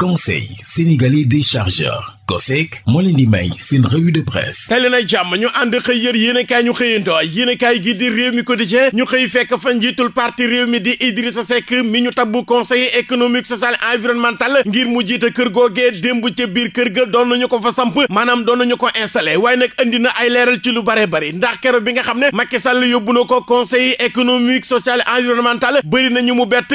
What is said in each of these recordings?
conseil sénégalais des chargeurs COSEC moo leen may seen de presse tey leen ay jàmm ñu ànd xëy yër yéenekaay ñu xëyantoo yéenekaay gi di réew mi quotidien ñu xëy fekk fa njiitul parti réew mi di Idrissa Seck mi ñu tabbu conseil économique social et environnemental ngir mu jiite kër googee démb ca biir kër ga doon nañu ko fa samp maanaam doon nañu ko installé waaye nag indi na ay leeral ci lu bare ndax kero bi nga xam ne Macky Sall yóbbu na ko conseil économique social et environnemental bëri na ñu mu bett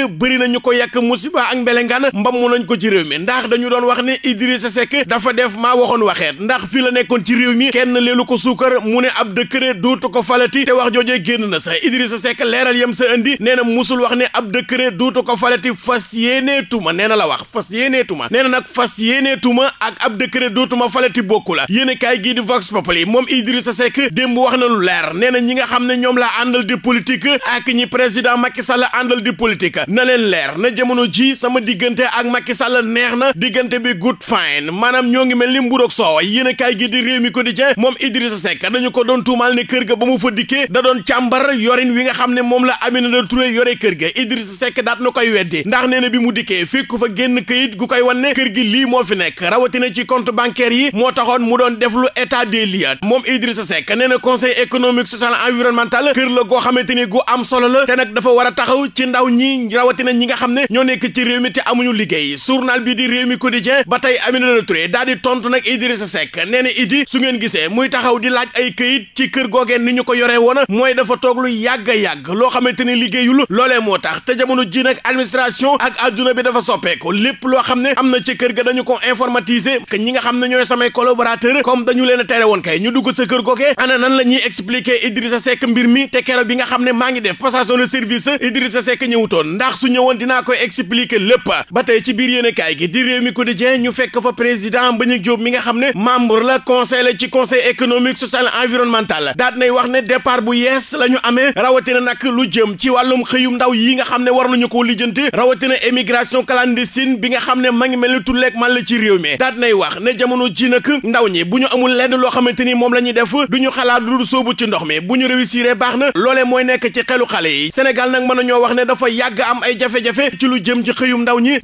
bi ndax dañu doon wax ne Idrissa Seck dafa def maa waxoon waxeet ndax fii la nekkoon ci réew mi kenn leelu ko suukar mu ne ab décret duutu ko falati te wax joojee génn na sa Idrissa Seck leeral yem sa indi nee na musul wax ne ab décret duutu ko falati fas yéeneetuma nee na la wax fas yéeneetuma nee na nag fas yéeneetuma ak ab décret duutuma falati bokku la yéen a kaay gii di Vox Populi moom Idrissa Seck démb wax na lu leer nee na ñi nga xam ne ñoom laa àndal di politique ak ñi président Macky Sall àndal di politique na leen na jamono ji sama diggante ak Macky Sall neex na diggante bi good fine maanaam ñoo ngi mel ni mburoog soow yéen a kaay gi di réew mi quotidien moom Idrissa Seck dañu ko doon tuumaal ne kër ga ba mu fa dikkee da doon càmbar yorin wi nga xam ne moom la Aminata Touré yore kër ga Idrissa Seck daat na koy weddi ndax nee na bi mu dikkee fekku fa génn këyit gu koy wanne kër gi lii moo fi nekk rawatina ci compte bancaire yi moo taxoon mu doon def lu état des lieux moom Idrissa Seck nee na conseil économique social environnemental kër la goo xamante ni gu am solo la te nag dafa war a taxaw ci ndaw ñi rawatina ñi nga xam ne ñoo nekk ci réew mi te amuñu liggéey journal bi bii di réew mi quotidien ba tey Aminata Touré daal di tontu nag Idrissa Seck nee na Idi su ngeen gisee muy taxaw di laaj ay këyit ci kër googeen ni ñu ko yoree woon mooy dafa toog lu yàgg a yàgg loo xamante ni liggéeyul loole moo tax te jamono ji nag administration ak adduna bi dafa soppeeku lépp loo xam ne am na ci kër ga dañu ko informatiser ñi nga xam ne ñooy samay collaborateur comme dañu leen a woon ñu dugg sa kër googee ana nan la ñuy expliquer Idrissa Seck mbir mi te keroog bi nga xam ne maa ngi def passation de service Idrissa Seck ñëwutoon ndax su ñëwoon dinaa koy expliquer lépp ba tey ci biir yéene gi gi di réew mi quotidien ñu fekk fa président Mbagnick Diop mi nga xam ne membre la conseil la ci conseil économique social environnemental daat nay wax ne départ bu yees la ñu amee rawatina nag lu jëm ci wàllum xëyum ndaw yi nga xam ne war nañu koo lijjante rawatina émigration clandestine bi nga xam ne ma ngi mel ni tulleeg man la ci réew mi daat nay wax ne jamono ji nag ndaw ñi bu ñu amul lenn loo xamante ni moom la ñuy def duñu ñu xalaat lu soobu ci ndox mi bu ñu réussir baax na loolee mooy nekk ci xelu xale yi Sénégal nag mën na ñoo wax ne dafa yàgg am ay jafe ci lu jëm ci xëyum ndaw ñi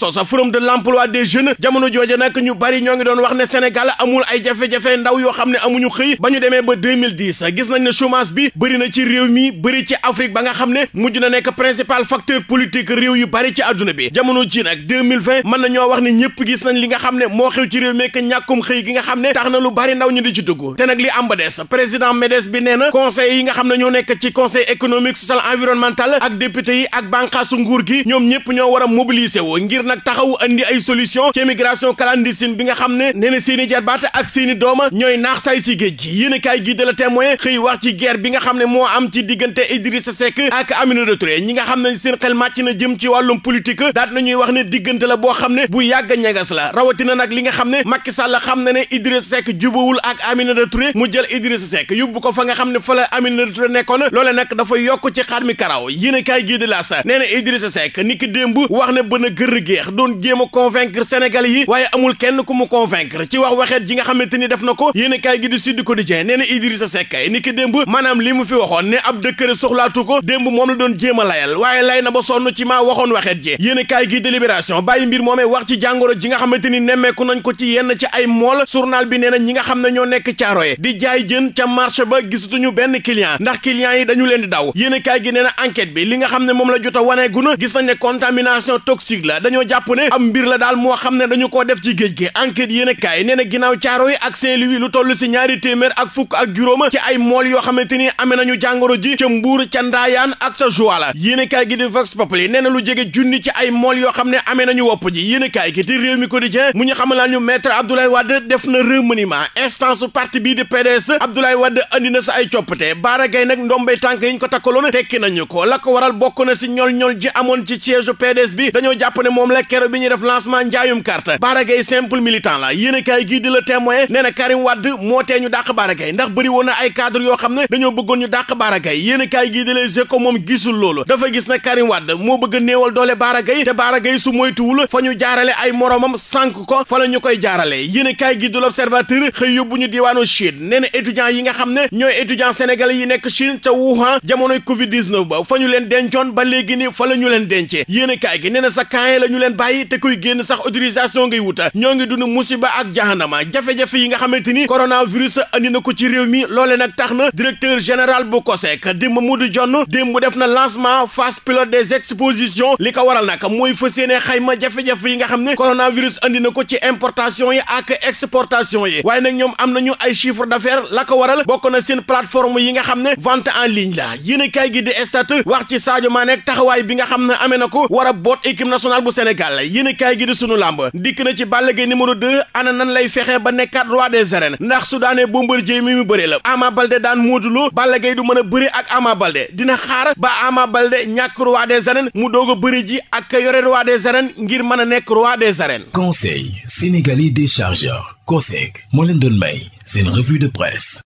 sos forum de l'emploi des jeunes jamono jooja nag ñu bari ñoo ngi doon wax ne Sénégal amul ay jafe-jafe ndaw yoo xam ne amuñu xëy ba ñu demee ba 2010 gis nañ ne chômage bi bëri na ci réew mi bëri ci Afrique ba nga xam ne mujj na nekk principal facteur politique réew yu bari ci àdduna bi jamono ji nag 2020 mën na ñoo wax ne ñëpp gis nañ li nga xam ne moo xew ci réew mi ñàkkum xëy gi nga xam ne tax na lu bari ndaw ñu di ci dugg te nag li am président MEDES bi nee na conseil yi nga xam ne ñoo nekk ci conseil économique social environnemental ak député yi ak bànqaasu nguur gi ñoom ñëpp ñoo war a mobiliser ngir nag taxawu indi ay solution ci immigration clandestine bi nga xam ne nee na seen i jarbaate ak seen i ñooy naax saay ci géej gi yéen a kaay gi de la témoin xëy wax ci guerre bi nga xam ne moo am ci diggante Idrissa Seck ak Aminata Touré ñi nga xam ne seen xel màcc na jëm ci wàllum politique daat nañuy wax ne diggante la boo xam ne bu yàgg a ñagas la rawatina nag li nga xam ne Macky Sall xam na ne Idrissa Seck jubawul ak Aminata Touré mu jël Idrissa Seck yóbbu ko fa nga xam ne fa la Aminata Touré nekkoon loole nag dafa yokk ci xaar mi a kaay gi la sa nee na Idrissa Seck niki démb wax ne bën a gër Cheikh doon jéem a convaincre Sénégalais yi waaye amul kenn ku mu convaincre ci wax waxeet ji nga xamante ni def na ko yéen kaay gi di Sud Quotidien nee na Idrissa Seck ni ki démb maanaam li fi waxoon ne ab dëkkëre soxlaatu ko démb moom la doon jéem layal waaye lay na ba sonn ci maa waxoon waxeet ji yéen kaay gi di Libération bàyyi mbir moomee wax ci jàngoro ji nga xamante ni nemmeeku nañ ko ci yenn ci ay mool journal bi nee na ñi nga xam ne ñoo nekk caaroye di jaay jën ca marché ba gisatuñu benn client ndax client yi dañu leen di daw yéen kaay nee na enquête li nga xam ne moom la jot a waneegu na gis nañ ne contamination toxique la jàpp ne am mbir la daal moo xam ne dañu koo def ci géej gi enquête yéen a kaay nee na ginnaaw caaro yi ak saint lu toll si ñaari téeméer ak fukk ak juróoma ci ay mool yoo xamante ni amee nañu jàngoro ji Mbuur ca Ndaayaan ak sa Joal yéen a gi di Vox Populi nee na lu jege junni ci ay mool yoo xam ne amee nañu wopp ji yéen a kaay gi di réew mi quotidien mu ñu xamal laa ñu maître Abdoulaye Wade def na remaniement instance parti bii di PDS Abdoulaye Wade andi na sa ay coppite Bara Gaye nag ndombay tànk yi ñu ko takkaloon tekki nañu ko la ko waral bokk na si ñol ñol amoon ci siège PDS bi dañoo jàpp ne moom la la kero bi def lancement njaayum carte Bara Gaye simple la yéen a kaay gii di la témoin nee na Karim Wade moo tee ñu dàq Bara Gaye ndax bëri na ay cadre yoo xam ne dañoo bëggoon ñu dàq Bara Gaye yéen a moom gisul loolu dafa gis na Karim Wade moo bëgg a doole Bara Gaye te Bara Gaye su moytuwul fa ñu jaarale ay moromam sànq ko fa la ñu koy jaarale yéen a kaay gii di l'Observateur xëy yóbbu ñu diwaanu Chine nee na étudiants yi nga xam ne ñooy étudiants sénégalais yi nekk Chine ca Wuhan jamonoy covid 19 fa ñu leen dencoon ba léegi ni fa ñu leen dencee gi nee na sa kaay la leen bàyyi te kuy génn sax autorisation ngay wuta ñoo ngi dund musiba ak jahanama jafe-jafe yi nga xamante ni coronavirus andi na ko ci réew mi loole nag tax na directeur général bu COSEC di Mamadou Dione démb bu def na lancement phase pilote des expositions li ko waral nag mooy fas yéene xayma jafe-jafe yi nga xam ne coronavirus andi na ko ci importation yi ak exportation yi waaye nag ñoom am nañu ay chifre d'affaires la ko waral bokk na seen plateforme yi nga xam ne vente en ligne la yéen a kaay gi wax ci Sadio Mané ak taxawaay bi nga xam ne amee na ko war a boot équipe Sénégal yéen kaay gi di sunu làmb dikk na ci Balla Gaye numéro 2 ana nan lay fexe ba nekkaat roi des arènes ndax su daanee Bombardier mi mu bëre la Ama Balde daan Modou Lo Balla Gaye du mën a bëri ak Ama Balde dina xaar ba Ama Balde ñàkk roi des arènes mu doog a bëri ji ak yore roi des arènes ngir mën a nekk roi des arènes. Conseil sénégalais des chargeurs COSEC moo leen doon may seen revue de presse.